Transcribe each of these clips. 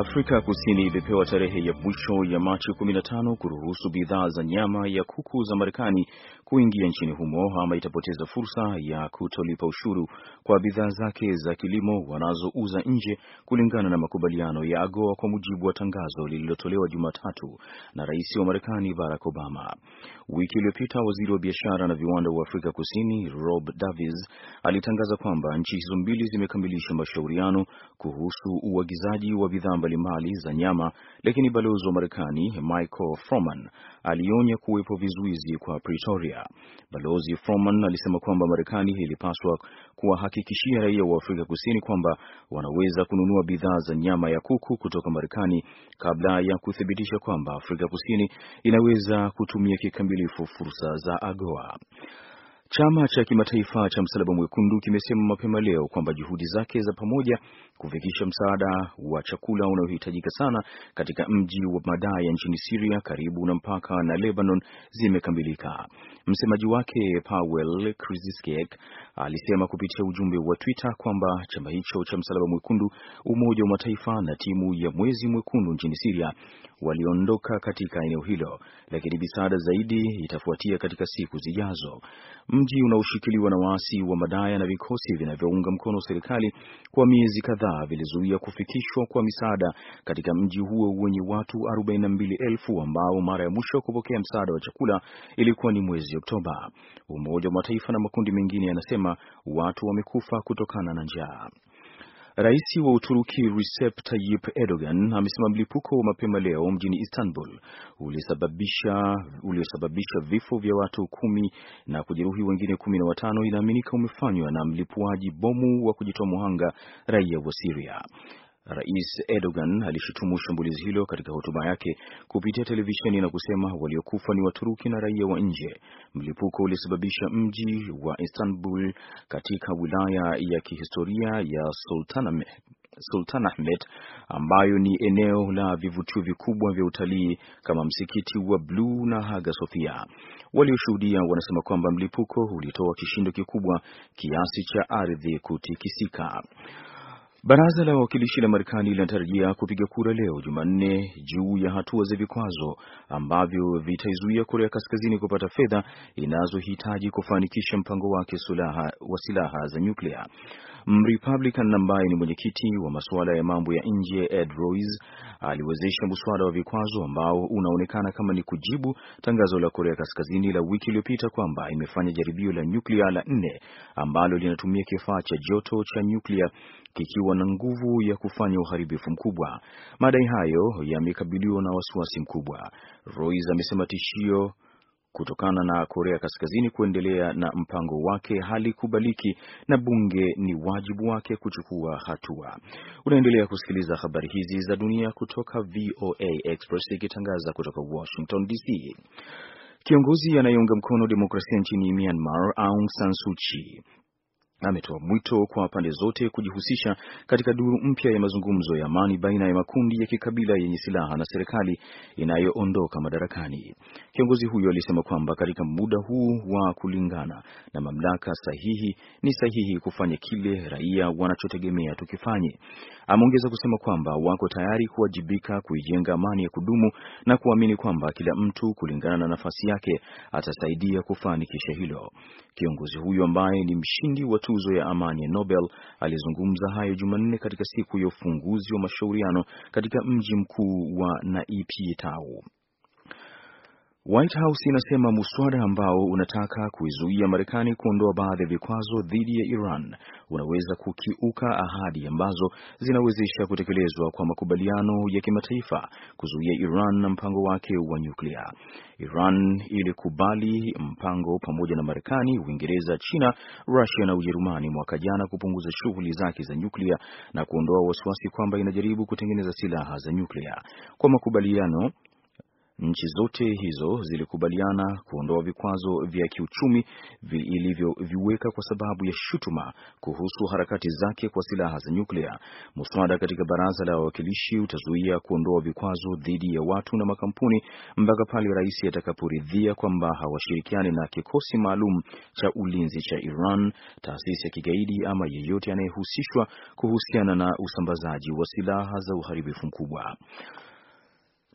Afrika Kusini imepewa tarehe ya mwisho ya Machi 15 kuruhusu bidhaa za nyama ya kuku za Marekani kuingia nchini humo ama itapoteza fursa ya kutolipa ushuru kwa bidhaa zake za kilimo wanazouza nje kulingana na makubaliano ya AGOA kwa mujibu wa tangazo lililotolewa Jumatatu na Rais wa Marekani Barack Obama. Wiki iliyopita, waziri wa biashara na viwanda wa Afrika Kusini Rob Davis alitangaza kwamba nchi hizo mbili zimekamilisha mashauriano kuhusu uagizaji wa bidhaa mbalimbali za nyama, lakini balozi wa Marekani Michael Froman alionya kuwepo vizuizi kwa Pretoria Afrika. Balozi Froman alisema kwamba Marekani ilipaswa kuwahakikishia raia wa Afrika Kusini kwamba wanaweza kununua bidhaa za nyama ya kuku kutoka Marekani kabla ya kuthibitisha kwamba Afrika Kusini inaweza kutumia kikamilifu fursa za AGOA. Chama cha kimataifa cha Msalaba Mwekundu kimesema mapema leo kwamba juhudi zake za pamoja kufikisha msaada wa chakula unaohitajika sana katika mji wa Madaya nchini Siria karibu na mpaka na Lebanon zimekamilika. Msemaji wake Powell Krisiskek alisema kupitia ujumbe wa Twitter kwamba chama hicho cha Msalaba Mwekundu, Umoja wa Mataifa na timu ya Mwezi Mwekundu nchini Siria waliondoka katika eneo hilo, lakini misaada zaidi itafuatia katika siku zijazo mji unaoshikiliwa na waasi wa Madaya na vikosi vinavyounga mkono serikali kwa miezi kadhaa vilizuia kufikishwa kwa misaada katika mji huo wenye watu 42,000 ambao mara ya mwisho kupokea msaada wa chakula ilikuwa ni mwezi Oktoba. Umoja wa Mataifa na makundi mengine yanasema watu wamekufa kutokana na njaa. Rais wa Uturuki Recep Tayyip Erdogan amesema mlipuko wa mapema leo mjini Istanbul uliosababisha uliosababisha vifo vya watu kumi na kujeruhi wengine kumi na watano inaaminika umefanywa na mlipuaji bomu wa kujitoa muhanga raia wa Siria. Rais Erdogan alishutumu shambulizi hilo katika hotuba yake kupitia televisheni na kusema waliokufa ni Waturuki na raia wa nje. Mlipuko ulisababisha mji wa Istanbul katika wilaya ya kihistoria ya Sultanahmet ahmed ambayo ni eneo la vivutio vikubwa vya utalii kama msikiti wa Bluu na Hagia Sophia. Walioshuhudia wanasema kwamba mlipuko ulitoa kishindo kikubwa kiasi cha ardhi kutikisika. Baraza la wawakilishi la Marekani linatarajia kupiga kura leo Jumanne juu ya hatua za vikwazo ambavyo vitaizuia Korea Kaskazini kupata fedha inazohitaji kufanikisha mpango wake wa silaha za nyuklia. Mrepublican ambaye ni mwenyekiti wa masuala ya mambo ya nje Ed Royce aliwezesha mswada wa vikwazo ambao unaonekana kama ni kujibu tangazo la Korea Kaskazini la wiki iliyopita kwamba imefanya jaribio la nyuklia la nne ambalo linatumia kifaa cha joto cha nyuklia kikiwa na nguvu ya kufanya uharibifu mkubwa. Madai hayo yamekabiliwa na wasiwasi mkubwa. Royce amesema tishio kutokana na Korea Kaskazini kuendelea na mpango wake halikubaliki na bunge ni wajibu wake kuchukua hatua. Unaendelea kusikiliza habari hizi za dunia kutoka VOA Express ikitangaza kutoka Washington DC. Kiongozi anayeunga mkono demokrasia nchini Myanmar, Aung San Suu Kyi ametoa mwito kwa pande zote kujihusisha katika duru mpya ya mazungumzo ya amani baina ya makundi ya kikabila yenye silaha na serikali inayoondoka madarakani. Kiongozi huyo alisema kwamba katika muda huu wa kulingana na mamlaka sahihi ni sahihi kufanya kile raia wanachotegemea tukifanye. Ameongeza kusema kwamba wako tayari kuwajibika kuijenga amani ya kudumu na kuamini kwamba kila mtu kulingana na nafasi yake atasaidia kufanikisha hilo. Kiongozi huyo ambaye ni mshindi wa tuzo ya amani ya Nobel alizungumza hayo Jumanne katika siku ya ufunguzi wa mashauriano katika mji mkuu wa Naipi White House inasema muswada ambao unataka kuizuia Marekani kuondoa baadhi ya vikwazo dhidi ya Iran unaweza kukiuka ahadi ambazo zinawezesha kutekelezwa kwa makubaliano ya kimataifa kuzuia Iran na mpango wake wa nyuklia. Iran ilikubali mpango pamoja na Marekani, Uingereza, China, Russia na Ujerumani mwaka jana kupunguza shughuli zake za nyuklia na kuondoa wasiwasi kwamba inajaribu kutengeneza silaha za nyuklia. Kwa makubaliano Nchi zote hizo zilikubaliana kuondoa vikwazo vya kiuchumi ilivyoviweka kwa sababu ya shutuma kuhusu harakati zake kwa silaha za nyuklia. Muswada katika baraza la wawakilishi utazuia kuondoa vikwazo dhidi ya watu na makampuni mpaka pale rais atakaporidhia kwamba hawashirikiani na kikosi maalum cha ulinzi cha Iran, taasisi ya kigaidi ama yeyote anayehusishwa kuhusiana na usambazaji wa silaha za uharibifu mkubwa.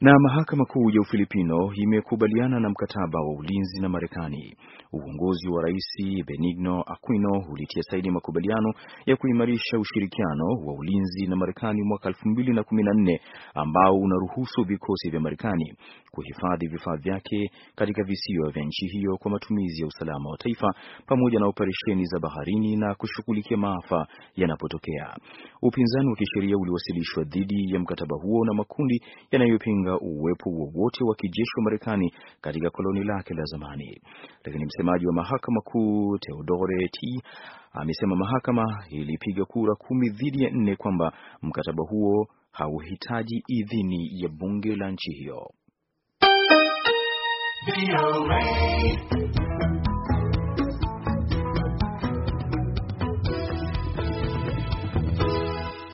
Na mahakama kuu ya Ufilipino imekubaliana na mkataba wa ulinzi na Marekani. Uongozi wa Rais Benigno Aquino ulitia saini makubaliano ya kuimarisha ushirikiano wa ulinzi na Marekani mwaka 2014 ambao unaruhusu vikosi vya Marekani kuhifadhi vifaa vyake katika visiwa vya nchi hiyo kwa matumizi ya usalama wa taifa pamoja na operesheni za baharini na kushughulikia maafa yanapotokea. Upinzani wa kisheria uliwasilishwa dhidi ya mkataba huo na makundi yanayopinga kupinga uwepo wowote wa kijeshi wa Marekani katika koloni lake la zamani. Lakini msemaji wa mahakama kuu Theodore T amesema mahakama ilipiga kura kumi dhidi ya nne kwamba mkataba huo hauhitaji idhini ya bunge la nchi hiyo.